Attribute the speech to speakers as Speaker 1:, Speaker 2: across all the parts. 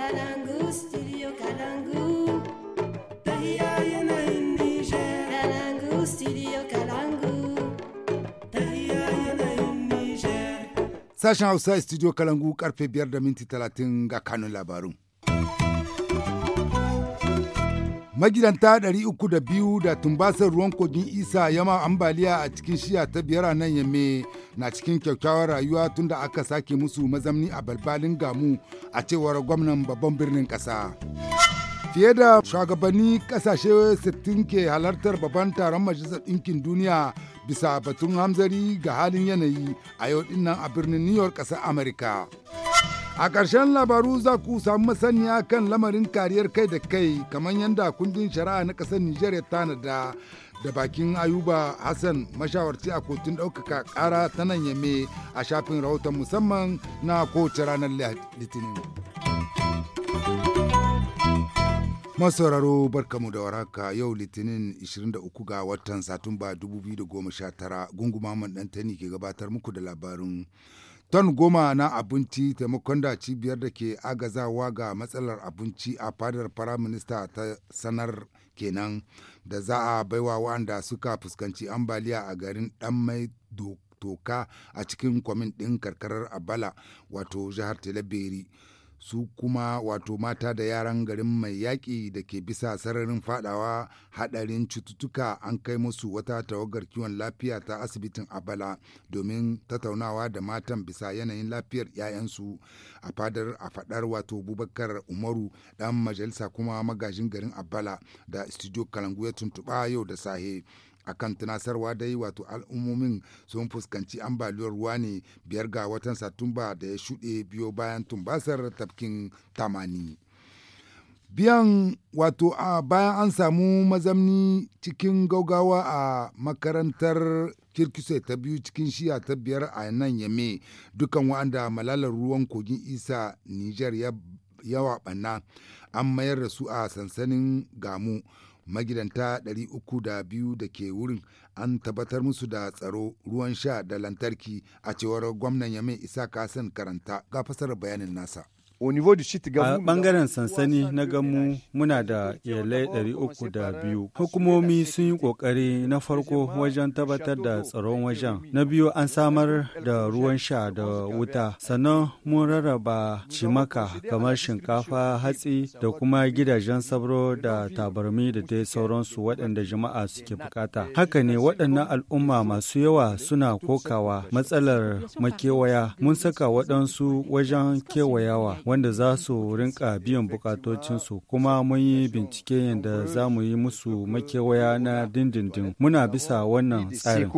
Speaker 1: Kalangu, studio Kalangu. Tahiya yanayin Niger. Kalangu, studio Kalangu. Tahiya yanayin Niger.
Speaker 2: Sashen Hausa studio Kalangu karfe biyar da minti talatin ga kanun labarun. magidanta uku da biyu da tumbasar ruwan kogin isa yama ambaliya a cikin shiya ta biyar a nan yamme na cikin kyakkyawar rayuwa tunda aka sake musu mazamni a balbalin gamu a cewar gwamnan babban birnin kasa. fiye da shugabanni kasashe 60 ke halartar babban taron majalisar ɗinkin duniya bisa batun hamzari ga halin yanayi a yau dinnan a birnin new york ƙasar amurka. A ƙarshen labaru za ku samu masaniya kan lamarin kariyar kai da kai kamar yadda kundin shari'a na ƙasar Nijar ya tanada da bakin Ayuba Hassan mashawarci a kotun ɗaukaka ƙara ta nan yame a shafin rahoton musamman na kowace ranar Litinin. masauraro barkamu da waraka yau litinin 23 ga watan satumba 2019 gunguma man ke gabatar muku da labarin ton goma na abinci taimakon da cibiyar da ke agazawa ga matsalar abinci a fadar firaminista ta sanar kenan da za a baiwa waɗanda suka fuskanci ambaliya a garin dan mai toka a cikin kwamin ɗin karkarar abala wato jihar talabiri su kuma wato mata da yaran garin mai yaƙi da ke bisa sararin fadawa hadarin cututtuka an kai musu wata tawagar kiwon lafiya ta asibitin abala domin tattaunawa da matan bisa yanayin lafiyar 'ya'yansu a fadar a fadar wato bubakar umaru dan majalisa kuma magajin garin abala da studio kalangu ya tuntuɓa yau da sahe akan tunasarwa dai wato al'ummomin sun fuskanci ambaliyar ruwa ne biyar ga watan satumba da ya shuɗe biyo bayan tumbasar tafkin tamani biyan wato a bayan an samu mazamni cikin gaugawa a makarantar kirkise ta biyu cikin shiya ta biyar a nan yame dukan wa'anda malalar ruwan kogin isa niger ya yawa banna an mayar da su a sansanin gamu magidanta 302 da ke wurin an tabbatar musu da tsaro ruwan sha da lantarki a cewar gwamnan yamin isa kasan karanta ga fasarar bayanin nasa
Speaker 3: A bangaren sansani na gamu muna da iyalai biyu. Hukumomi sun yi kokari na farko wajen tabbatar da tsaron wajen. Na biyu an samar da ruwan sha da wuta. Sannan mun rarraba cimaka kamar shinkafa, hatsi da kuma gidajen sabro da tabarmi da dai sauransu waɗanda jama'a suke bukata. Haka ne waɗannan al'umma masu yawa suna kokawa matsalar makewaya. Mun saka waɗansu wajen kewayawa. wanda za su rinka biyan bukatocinsu kuma mun yi bincike yadda za mu yi musu makewaya na dindindin muna bisa wannan tsarin.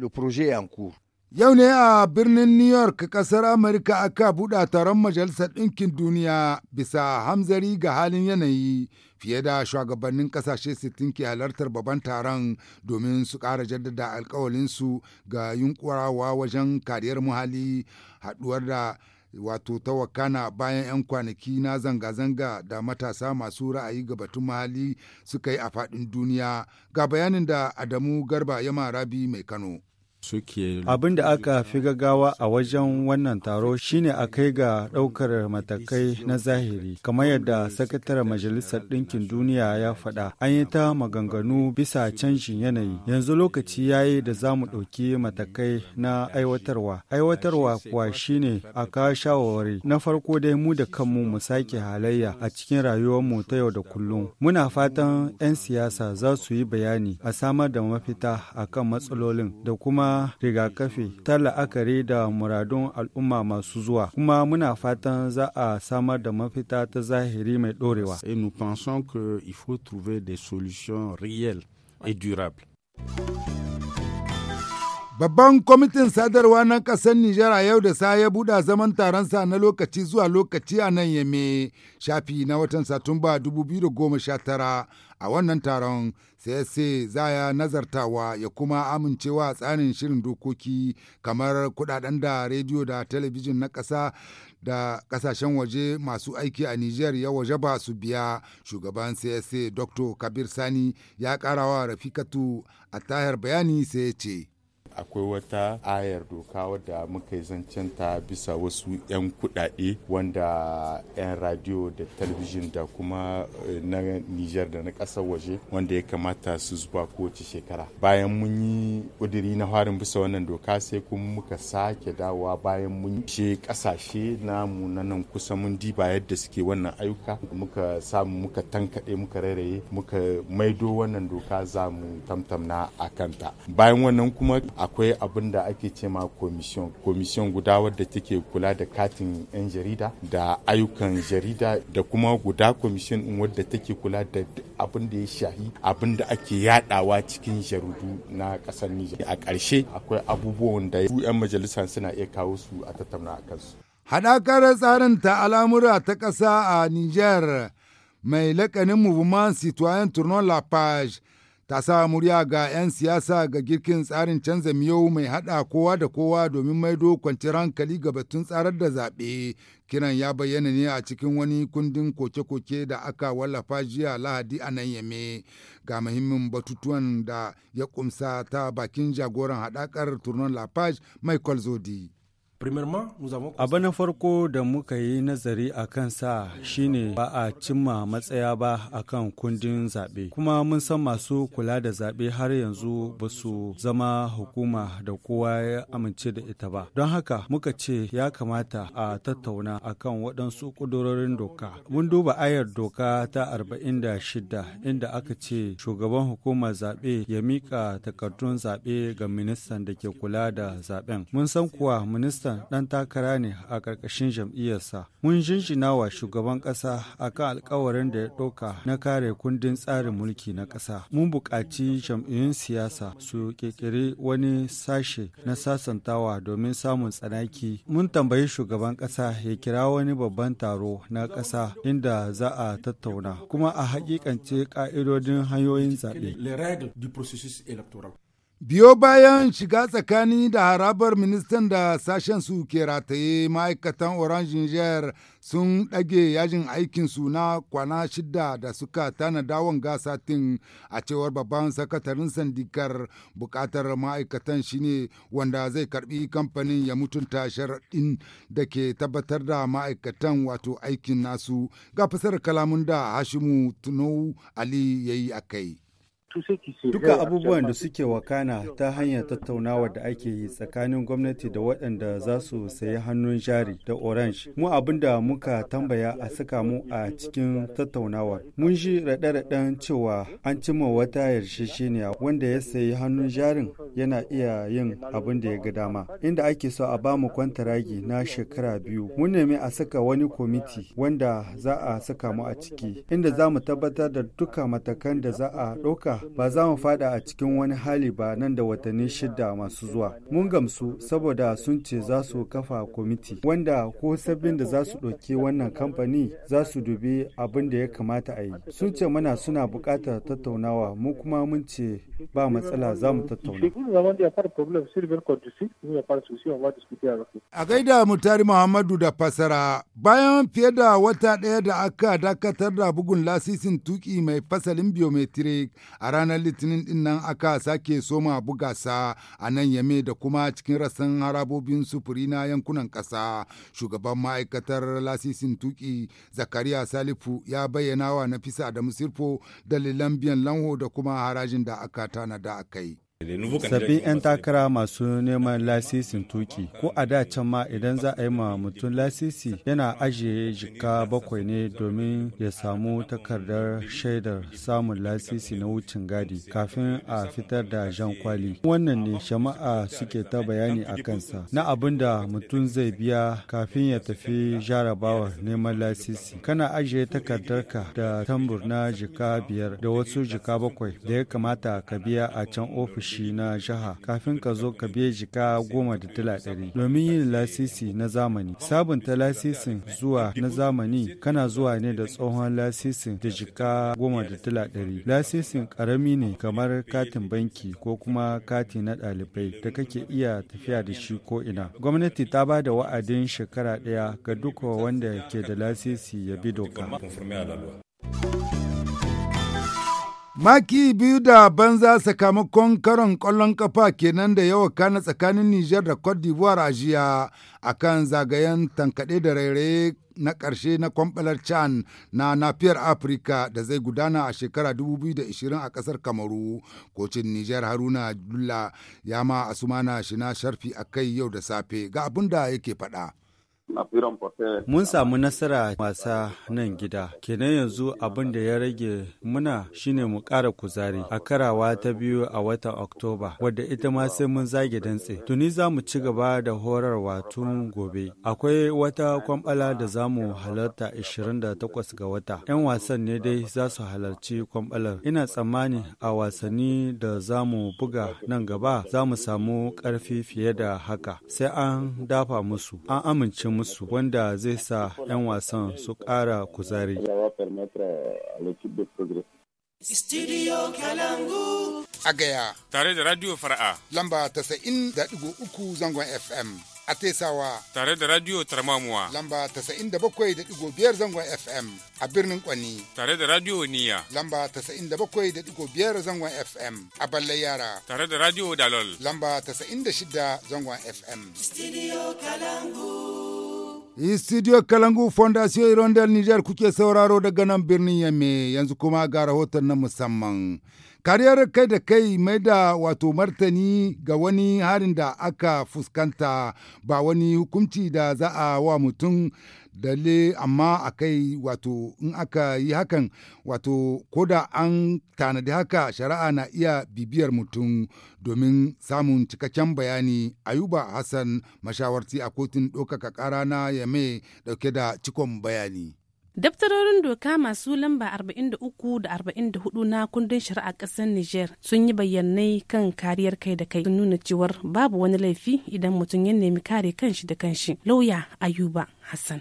Speaker 2: le projet est en cours. Yau ne a birnin New York ƙasar Amurka aka buɗa taron Majalisar Ɗinkin Duniya bisa hamzari ga halin yanayi fiye da shugabannin ƙasashe sittin ke halartar babban taron domin su ƙara jaddada alkawalinsu ga yunkurawa wajen kariyar muhalli haɗuwar da wato ta wakana bayan 'yan kwanaki na zanga-zanga da matasa masu ra'ayi ga batun muhalli suka yi a faɗin duniya ga bayanin da Adamu Garba Yama Rabi mai Kano. suke
Speaker 3: abin da aka fi gaggawa a wajen wannan taro shine a kai ga ɗaukar matakai na zahiri kamar yadda sakataren majalisar ɗinkin duniya ya faɗa an yi ta maganganu bisa canjin yanayi yanzu lokaci ya yi da za mu ɗauki matakai na aiwatarwa aiwatarwa kuwa shine a ka shawarwari na farko dai mu da kanmu mu sake halayya a cikin rayuwar mu ta yau da kullum muna fatan 'yan siyasa za su yi bayani a samar da mafita akan matsalolin da kuma rigakafi ta la'akari da muradun al'umma masu zuwa kuma muna fatan za a samar da mafita ta zahiri mai dorewa.
Speaker 4: Et nous pensons il faut trouver des solutions réelles et durables.
Speaker 2: Babban kwamitin sadarwa na ƙasar Nijar a yau da sa ya buɗa zaman taronsa na lokaci zuwa lokaci a nan yame shafi na watan Satumba 2019 a wannan taron sai sai za ya nazartawa ya kuma amincewa tsarin shirin dokoki kamar kudaden da rediyo da talabijin na ƙasa da kasashen waje masu aiki a Nijar ya waje ba su biya shugaban CSA Dr. Kabir Sani ya ƙarawa Rafikatu a tayar bayani sai ce. akwai wata
Speaker 4: ayar doka wadda muka yi zancen bisa wasu 'yan kudade wanda 'yan radio da talabijin da kuma eh, na Nijar da na kasar waje wanda ya kamata su zuba kowace shekara. Bayan mun yi ƙudiri na harin bisa wannan doka sai kuma muka sake dawowa bayan mun ce ƙasashe namu na nan kusa mun diba yadda suke wannan ayyuka muka samu muka tankaɗe muka rairaye muka maido wannan doka za mu tamtamna a kanta. Bayan wannan kuma a akwai abin da ake ce ma komishiyon komishiyon guda wadda take kula da katin 'yan jarida da ayyukan jarida da kuma guda komishiyon wadda take kula da abin da ya shahi abin da ake yadawa cikin jaridu na kasar Nijar a ƙarshe akwai abubuwan da 'yan majalisa suna iya kawo su a tattauna a kansu
Speaker 2: haɗakar tsarin ta al'amura ta ƙasa a niger mai lakanin Mouvement Citoyen Tournon La Page ta sa murya ga 'yan siyasa ga girkin tsarin canza miyau mai haɗa kowa da kowa domin maido kwanciyar hankali ga batun tsarar da zaɓe kiran ya bayyana ne a cikin wani kundin koke-koke da aka wallafa jiya lahadi a nan yame ga muhimmin batutuwan da ya kumsa ta bakin jagoran haɗakar turnon lafaj michael zodi
Speaker 3: A na farko da muka yi nazari a kan kansa shine ba a cimma matsaya ba a kan kundin zaɓe. Kuma mun san masu kula da zaɓe har yanzu ba su zama hukuma da kowa ya amince da ita ba. Don haka muka ce ya kamata a tattauna a kan waɗansu ƙudurorin doka. Mun duba ayar doka ta 46 inda aka ce shugaban hukumar zaɓe ya miƙa takardun zaɓe ga ministan da ke kula da zaɓen. Mun san kuwa ministan Hassan ɗan takara ne a ƙarƙashin jam'iyyarsa. Mun jinjina wa shugaban ƙasa a kan alkawarin da ya ɗauka na kare kundin tsarin mulki na ƙasa. Mun buƙaci jam'iyyun siyasa su ƙirƙiri wani sashe na sasantawa domin samun tsanaki. Mun tambayi shugaban ƙasa ya kira wani babban taro na ƙasa inda za a tattauna
Speaker 2: kuma a hakikance ƙa'idodin hanyoyin zaɓe. Biyo bayan shiga tsakani da harabar ministan da sashen su ke rataye ma'aikatan Orange Niger sun ɗage yajin aikinsu na kwana shida da suka tana gasa gasatin a cewar babban sakatarin sandikar bukatar ma'aikatan shine wanda zai karbi kamfanin ya mutunta sharaɗin da ke tabbatar da ma'aikatan wato aikin nasu ga fasar kalamun da Hashimu Tunau Ali ya yi a kai. Duka abubuwan da suke
Speaker 3: wakana ta hanyar tattaunawa da ake yi tsakanin gwamnati da waɗanda za su sayi hannun jari da orange. Mu abinda muka tambaya a saka mu a cikin tattaunawar. Mun ji raɗe-raɗen cewa an cimma wata yarjejeniya wanda ya sayi hannun jarin yana iya yin abin da ya ga dama. Inda ake so a ba mu kwantaragi na shekara biyu. Mun nemi a saka wani kwamiti wanda za a saka mu a ciki. Inda za mu tabbatar da duka matakan da za a ɗauka ba za mu fada a cikin wani hali ba nan da watanni shida masu zuwa. Mun gamsu saboda sun ce za su kafa kwamiti wanda ko sabbin da za su ɗauki wannan kamfani za su dubi abin da ya kamata a yi. Sun ce mana suna buƙatar tattaunawa mu kuma mun ce ba matsala za mu tattauna.
Speaker 2: A gaida Mutari Muhammadu da fasara bayan fiye da wata ɗaya da aka dakatar da bugun lasisin tuki mai fasalin biometric a ranar litinin din nan aka sake soma bugasa a nan yame da kuma cikin rassan harabobin sufuri na yankunan ƙasa shugaban ma'aikatar lasisin tuki zakariya salifu ya bayyana wa na fisa da musirfo dalilan biyan lanho da kuma harajin da aka da a kai.
Speaker 3: Sabbin 'yan takara masu neman lasisin tuki ko a da can ma idan za a yi ma mutum lasisi yana ajiye jika bakwai ne domin ya samu takardar shaidar samun lasisi na wucin gadi kafin a fitar da jan kwali. Wannan ne shama'a suke ta bayani a kansa na abin da mutum zai biya kafin ya tafi jarabawar neman lasisi. Kana ajiye takardarka da tambur na jika biyar da wasu jika bakwai da ya kamata ka biya a can ofis shi na jiha kafin ka zo ka biya jika goma da dala ɗari domin yin lasisi na zamani sabunta lasisin zuwa na zamani kana zuwa ne da tsohon lasisin da jika goma da dala ɗari lasisin ƙarami ne kamar katin banki ko kuma kati na ɗalibai da kake iya tafiya da shi ko ina gwamnati ta ba da wa'adin shekara ɗaya ga duka wanda ke da lasisi ya bi doka
Speaker 2: Maki biyu da banza sakamakon karon kwallon kafa kenan da yawa kana tsakanin Nijar da Cote d'Ivoire a jiya a kan zagayen tankaɗe da rairaye na ƙarshe na kwamfalar Chan na nafiyar Afirka da zai gudana a shekara 2020 a ƙasar Kamaru. Kocin Nijar Haruna Dulla ya ma Asumana Shina Sharfi a kai yau da safe ga abin da yake faɗa. Mun samu nasara wasa nan gida, kenan yanzu
Speaker 3: abin da ya rage muna shine mu ƙara kuzari a karawa ta biyu a watan Oktoba, wadda ita ma sai mun zage dantse. Tuni za mu ci gaba da horarwa tun gobe. Akwai wata kwambala da za mu halarta 28 ga wata. 'Yan wasan ne dai za su halarci kwambalar. Ina tsammani a wasanni da za mu buga nan gaba za mu samu ƙarfi fiye da haka. Sai an dafa musu, an amince mu. musu wanda zai sa 'yan wasan su ƙara kuzari.
Speaker 4: Studio Kalangu. A gaya. Tare da Radio Fara'a.
Speaker 2: Lamba tasa'in da uku zangon FM. A Tesawa.
Speaker 4: Tare da Radio Tarmamuwa.
Speaker 2: Lamba tasa'in da bakwai da biyar zangon FM. A birnin Kwani.
Speaker 4: Tare da Radio Niya.
Speaker 2: Lamba tasa'in da bakwai da biyar zangon FM. A Balle Yara. Tare da Radio Dalol. Lamba tasa'in da shida zangon FM. Studio Kalangu. Studio Kalangu Fondation Irondel Niger kuke sauraro daga nan birnin Yamme yanzu kuma ga rahoton na musamman. Kariyar kai da kai mai da wato martani ga wani harin da aka fuskanta ba wani hukunci da za a wa mutum dale amma a kai wato in aka yi hakan wato koda an tanadi haka shari'a na iya bibiyar mutum domin samun cikakken bayani ayuba hassan mashawarci a kotun ɗaukaka ƙara na yame ɗauke da cikon bayani.
Speaker 1: Daftarorin doka masu lamba 43 da 44 na kundin shari'a ƙasar Niger sun yi bayyanai kan kariyar kai da kai sun nuna cewar babu wani laifi idan mutum ya nemi kare kanshi da kanshi. Lauya Ayuba Hassan.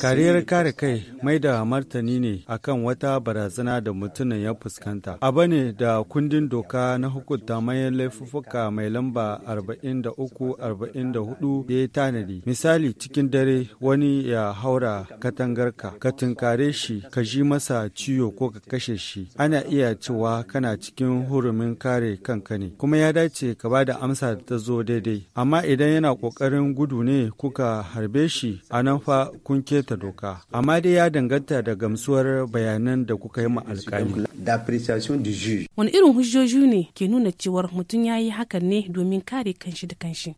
Speaker 4: Kariyar kare
Speaker 3: kai mai da martani ne akan wata barazana da mutumin ya fuskanta. a ne da kundin doka na hukunta mayan laifuffuka mai lamba 43-44 ya yi tanadi. Misali cikin dare wani ya haura katangarka, ka tunkare shi, ka ji masa ciwo ko ka kashe shi. Ana iya cewa kana cikin hurumin kare kanka ne, kuma ya dace ka ba da amsa ta zo daidai. Amma idan yana ƙoƙarin gudu ne kuka harbe shi a nan fa kun keta doka amma dai ya danganta da gamsuwar bayanan da kuka yi ma alkali
Speaker 1: wani irin hujjoji ne ke nuna cewar mutum ya yi hakan ne domin kare kanshi da kanshi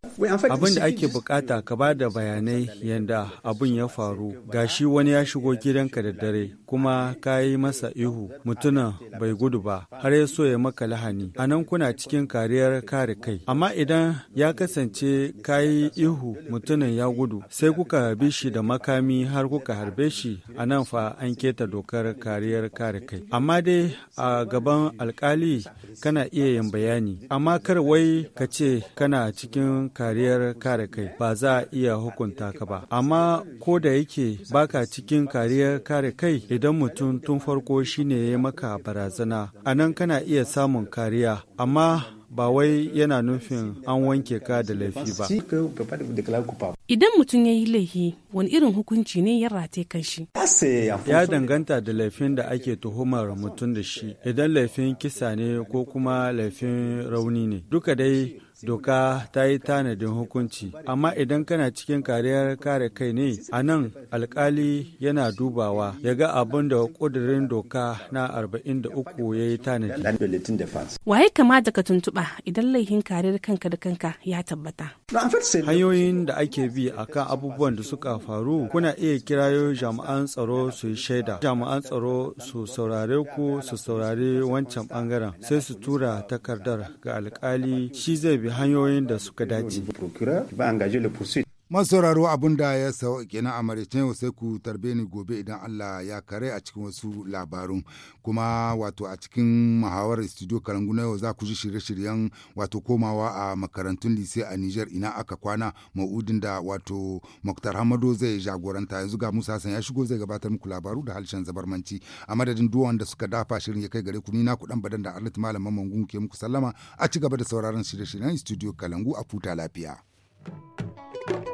Speaker 1: abin da ake
Speaker 3: bukata ka ba da bayanai yadda abin ya faru gashi wani ya shigo gidanka da dare kuma ka yi masa ihu mutumin bai gudu ba har ya so ya maka lahani a nan kuna cikin kariyar kare kai amma idan ya kasance ka yi ihu mutumin ya gudu sai kuka bi shi da makami har kuka harbe shi a nan fa an keta dokar kariyar kare kai amma dai a gaban alkali kana iya yin bayani amma kar wai ka ce kana cikin kariyar kare kai ba za a iya hukunta ka ba amma ko da yake baka cikin kariyar kare kai idan mutum tun farko shine ya maka barazana a nan kana iya samun kariya amma ba wai yana nufin an wanke ka da laifi ba.
Speaker 1: Idan mutum ya yi laifi wani irin hukunci ne ya rate kan shi. Ya
Speaker 3: danganta da laifin da ake tuhumar mutum da shi, idan laifin kisa ne ko kuma laifin rauni ne. Duka dai doka ta yi tanadin hukunci amma idan kana cikin kariyar kare kai ne a nan alkali yana dubawa ya ga abin da kudirin doka na 43 ya yi tanadi
Speaker 1: waye kama daga tuntuɓa idan laifin kariyar kanka da kanka ya tabbata
Speaker 3: hanyoyin da ake bi akan abubuwan da suka faru kuna iya kirayo jami'an tsaro su yi shaida jami'an tsaro su saurare ku su saurare wancan bangaren sai su tura takardar ga alkali shi zai bi hanyoyin da suka dace
Speaker 2: man sauraro abin da ya sauke na a yau sai ku tarbe ni gobe idan Allah ya kare a cikin wasu labarun kuma wato a cikin mahawar studio karangu na yau za ku ji shirye-shiryen wato komawa a makarantun lise a Niger ina aka kwana ma'udin da wato Muktar Hamado zai jagoranta yanzu ga Musa Hassan ya shigo zai gabatar muku labaru da halshen zabarmanci a madadin duk wanda suka dafa shirin ya kai gare ku ni na ku dan badan da Arlit malam mangu ke muku sallama a ci gaba da sauraron shirye-shiryen studio Kalangu a futa lafiya. thank you